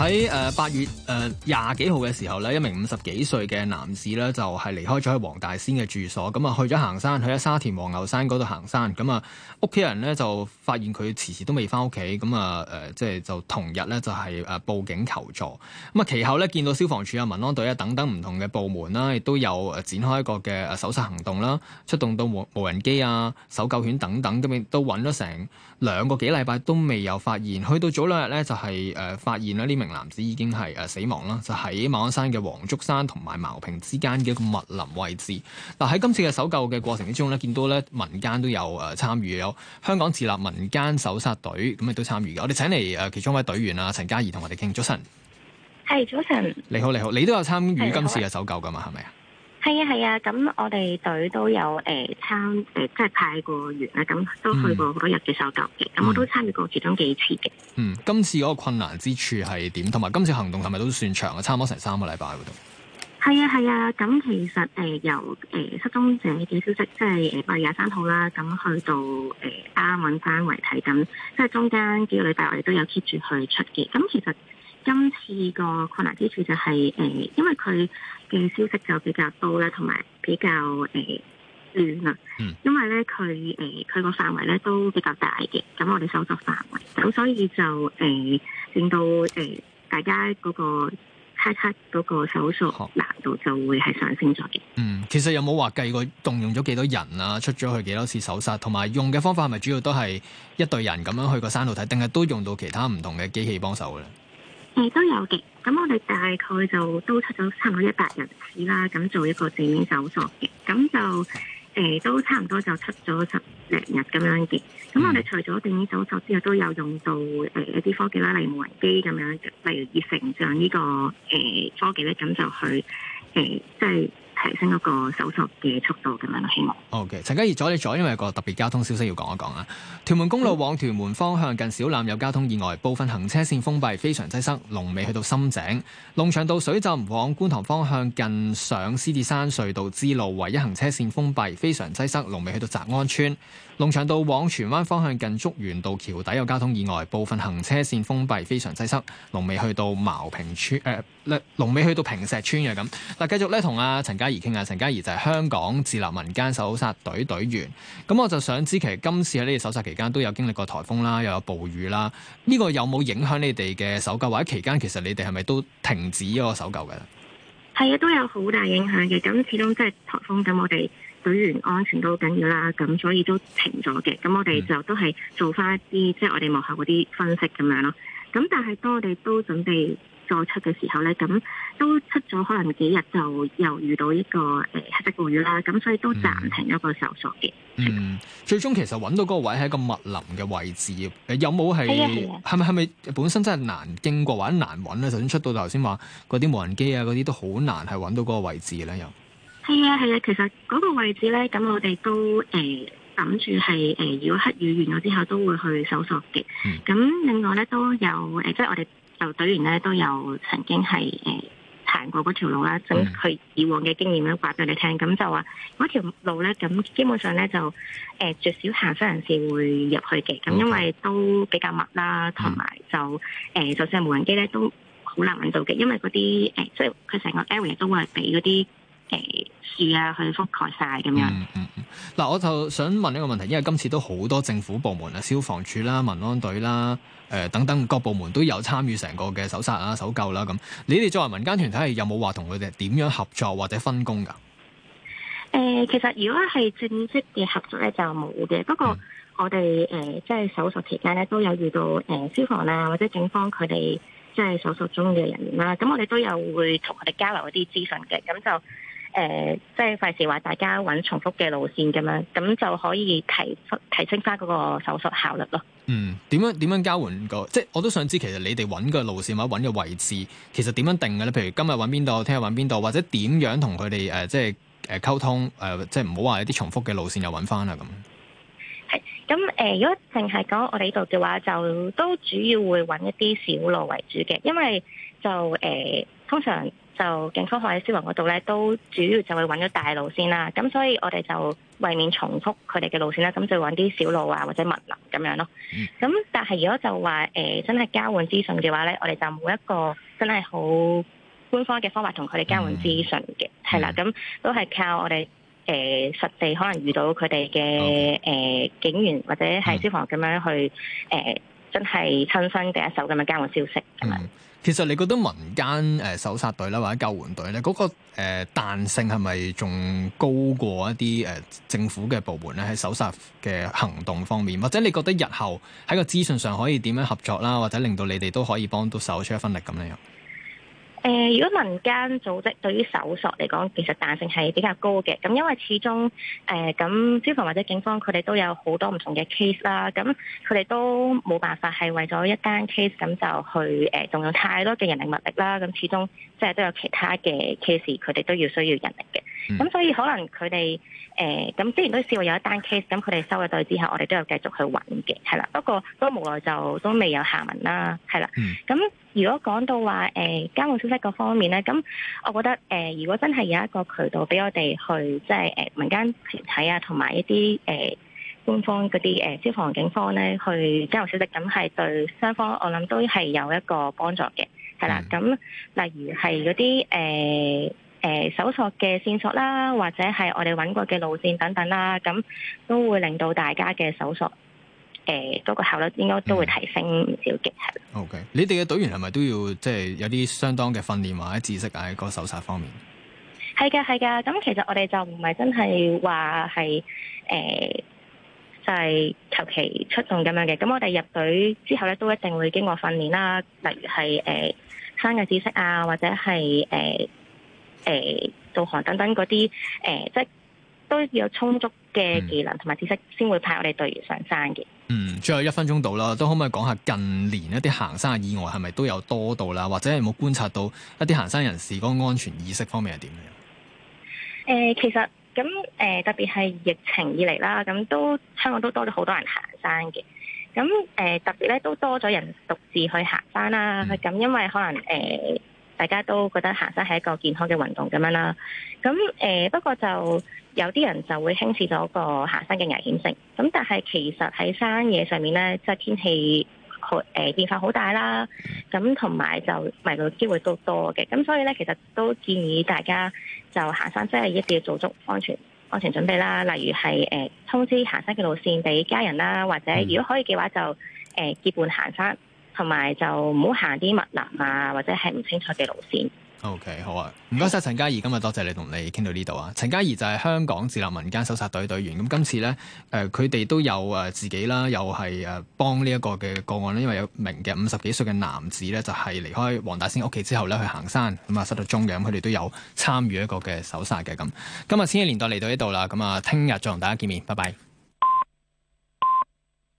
喺誒八月誒廿幾號嘅時候咧，一名五十幾歲嘅男士咧就係離開咗喺黃大仙嘅住所，咁啊去咗行山，去咗沙田黃牛山嗰度行山，咁啊屋企人咧就發現佢遲遲都未翻屋企，咁啊誒即係就同日咧就係誒報警求助，咁啊其後咧見到消防處啊、民安隊啊等等唔同嘅部門啦，亦都有誒展開一個嘅搜索行動啦，出動到無人機啊、搜救犬等等，咁亦都揾咗成兩個幾禮拜都未有發現，去到早兩日咧就係誒發現啦呢名。男子已經係誒死亡啦，就喺、是、馬鞍山嘅黃竹山同埋茅坪之間嘅一個密林位置。嗱，喺今次嘅搜救嘅過程之中咧，見到咧民間都有誒參與，有香港自立民間搜索隊，咁亦都參與嘅。我哋請嚟誒其中一位隊員啊，陳嘉儀同我哋傾。早晨，係、hey, 早晨。你好，你好，你都有參與今次嘅搜救㗎嘛？係咪啊？的係啊，係啊，咁、啊、我哋隊都有誒、呃、參誒、呃，即係派過員啦，咁、嗯、都去過好多日嘅搜救嘅，咁、嗯、我都參與過其中幾次嘅。嗯，今次嗰個困難之處係點？同埋今次行動係咪都算長啊？差唔多成三個禮拜嗰度。係啊係啊，咁、嗯、其實誒由誒失蹤者嘅消息，即係誒八月廿三號啦，咁、嗯、去到誒啱揾翻遺體，即係中間幾個禮拜我哋都有 keep 住去出嘅。咁、嗯、其實。今次個困難之處就係、是、誒、呃，因為佢嘅消息就比較多啦，同埋比較誒亂啦。嗯、呃。因為咧，佢誒佢個範圍咧都比較大嘅，咁我哋搜索範圍，咁、呃、所以就誒、呃、令到誒、呃、大家嗰個猜測嗰個搜索難度就會係上升咗嘅。嗯，其實有冇話計過動用咗幾多人啊？出咗去幾多次搜索，同埋用嘅方法係咪主要都係一隊人咁樣去個山度睇，定係都用到其他唔同嘅機器幫手咧？誒、呃，都有嘅。咁我哋大概就都出咗差唔多一百人次啦。咁做一個地面搜索嘅，咁就誒、呃，都差唔多就出咗十零日咁樣嘅。咁我哋除咗地面搜索之外，都有用到誒、呃、一啲科技啦，例如無人機咁樣，例如熱成像呢、這個誒、呃、科技咧，咁就去誒即係。呃就是提升一個搜索嘅速度咁樣咯，我希望。O.K. 陳嘉儀，阻你阻，因為有個特別交通消息要講一講啊。屯門公路往屯門方向近小欖有交通意外，部分行車線封閉，非常擠塞。龍尾去到深井。龍翔道水浸往觀塘方向近上獅子山隧道支路唯一行車線封閉，非常擠塞。龍尾去到澤安村。龍翔道往荃灣方向近竹園道橋底有交通意外，部分行車線封閉，非常擠塞。龍尾去到茅坪村。誒、呃。龍尾去到平石村嘅。咁，嗱，繼續咧同阿陳嘉儀傾下。陳嘉儀就係香港自立民間搜索隊隊員。咁我就想知，其實今次喺呢個搜索期間，都有經歷過颱風啦，又有暴雨啦，呢、這個有冇影響你哋嘅搜救？或者期間，其實你哋係咪都停止咗個搜救嘅？係啊，都有好大影響嘅。咁始終即係颱風，咁我哋隊員安全都好緊要啦，咁所以都停咗嘅。咁我哋就都係做翻一啲，即係、嗯、我哋幕後嗰啲分析咁樣咯。咁但係，我哋都準備。再出嘅時候咧，咁都出咗可能幾日，就又遇到一個誒黑色暴雨啦，咁所以都暫停咗個搜索嘅。嗯，最終其實揾到嗰個位喺一個密林嘅位置，有冇係係咪係咪本身真係難經過或者難揾咧？首先出到頭先話嗰啲無人機啊，嗰啲都好難係揾到嗰個位置咧？又係啊係啊，其實嗰個位置咧，咁我哋都誒諗住係誒，如果、呃、黑雨完咗之後都會去搜索嘅。咁、嗯、另外咧都有誒、呃，即係我哋。就隊員咧都有曾經係誒行過嗰條路啦，將佢 以往嘅經驗咧話俾你聽。咁就話嗰條路咧，咁基本上咧就誒最、呃、少行山人士會入去嘅，咁因為都比較密啦，同埋就誒、呃、就算係無人機咧都好難揾到嘅，因為嗰啲誒即係佢成個 area 都會係俾嗰啲誒。呃樹啊，去覆蓋晒咁樣。嗯嗯嗱，我就想問一個問題，因為今次都好多政府部門啊，消防處啦、民安隊啦、誒、呃、等等各部門都有參與成個嘅搜殺啊、搜救啦咁。你哋作為民間團體，係有冇話同佢哋點樣合作或者分工㗎？誒、呃，其實如果係正式嘅合作咧，就冇嘅。不過我哋誒即係搜索期間咧，都有遇到誒、呃、消防啊或者警方佢哋即係搜索中嘅人員啦。咁我哋都有會同佢哋交流一啲資訊嘅。咁就。誒，即係費事話大家揾重複嘅路線咁樣，咁就可以提提升翻嗰個搜索效率咯。嗯，點樣點樣交換個？即係我都想知，其實你哋揾個路線或者揾個位置，其實點樣定嘅咧？譬如今日揾邊度，聽日揾邊度，或者點樣同佢哋誒，即係誒溝通誒、呃，即係唔好話一啲重複嘅路線又揾翻啦咁。係，咁誒、嗯呃，如果淨係講我哋呢度嘅話，就都主要會揾一啲小路為主嘅，因為就誒、呃、通常。就警方或者消防嗰度咧，都主要就會揾咗大路先啦。咁所以我哋就為免重複佢哋嘅路線啦，咁就揾啲小路啊或者密林咁樣咯。咁、嗯、但係如果就話誒、呃、真係交換資訊嘅話咧，我哋就冇一個真係好官方嘅方法同佢哋交換資訊嘅，係啦、嗯。咁都係靠我哋誒、呃、實地可能遇到佢哋嘅誒警員或者係消防咁樣去誒、呃、真係親身第一手咁樣交換消息咁樣。嗯。其實你覺得民間誒搜索隊啦，或者救援隊咧，嗰、那個誒彈、呃、性係咪仲高過一啲誒、呃、政府嘅部門咧？喺搜索嘅行動方面，或者你覺得日後喺個資訊上可以點樣合作啦，或者令到你哋都可以幫到手，出一分力咁樣。誒、呃，如果民間組織對於搜索嚟講，其實彈性係比較高嘅。咁因為始終，誒、呃、咁消防或者警方，佢哋都有好多唔同嘅 case 啦。咁佢哋都冇辦法係為咗一單 case 咁就去誒、呃、動用太多嘅人力物力啦。咁始終即係都有其他嘅 case，佢哋都要需要人力嘅。咁、嗯、所以可能佢哋誒咁之前都試過有一單 case，咁佢哋收咗隊之後，我哋都有繼續去揾嘅，係啦。不過都無奈就都未有下文啦，係啦。咁、嗯、如果講到話誒、呃、交換消息嗰方面呢，咁我覺得誒、呃、如果真係有一個渠道俾我哋去即係誒、呃、民間團體啊，同埋一啲誒、呃、官方嗰啲誒消防警方呢，去交換消息，咁係對雙方我諗都係有一個幫助嘅，係啦。咁例如係嗰啲誒。嗯誒、呃，搜索嘅線索啦，或者係我哋揾過嘅路線等等啦，咁都會令到大家嘅搜索誒嗰、呃那個效率應該都會提升唔少嘅係。嗯、的 o、okay. K，你哋嘅隊員係咪都要即係、就是、有啲相當嘅訓練或者知識喺個搜索方面？係嘅，係嘅。咁其實我哋就唔係真係話係誒，就係求其出動咁樣嘅。咁我哋入隊之後咧，都一定會經過訓練啦，例如係誒、呃、生嘅知識啊，或者係誒。呃誒，導、呃、航等等嗰啲誒，即係都要有充足嘅技能同埋知識，先會派我哋隊員上山嘅。嗯，最後一分鐘到啦，都可唔可以講下近年一啲行山嘅意外係咪都有多到啦？或者有冇觀察到一啲行山人士嗰個安全意識方面係點樣？誒、呃，其實咁誒、呃，特別係疫情以嚟啦，咁都香港都多咗好多人行山嘅。咁誒、呃，特別咧，都多咗人獨自去行山啦。咁、嗯、因為可能誒。呃大家都覺得行山係一個健康嘅運動咁樣啦，咁誒、呃、不過就有啲人就會輕視咗個行山嘅危險性，咁但係其實喺山野上面咧，即係天氣好誒、呃、變化好大啦，咁同埋就迷路機會都多嘅，咁所以咧其實都建議大家就行山即係、就是、一定要做足安全安全準備啦，例如係誒、呃、通知行山嘅路線俾家人啦，或者如果可以嘅話就誒、呃、結伴行山。同埋就唔好行啲密林啊，或者係唔清楚嘅路線。OK，好啊，唔該晒。陳嘉儀，今日多謝你同你傾到呢度啊。陳嘉儀就係香港自立民間搜索隊隊員，咁今次咧誒，佢、呃、哋都有誒自己啦，又係誒幫呢一個嘅個案咧，因為有名嘅五十幾歲嘅男子咧，就係、是、離開黃大仙屋企之後咧去行山，咁啊失到蹤嘅，咁佢哋都有參與一個嘅搜索嘅咁。今日先嘅年代嚟到呢度啦，咁、嗯、啊，聽日再同大家見面，拜拜。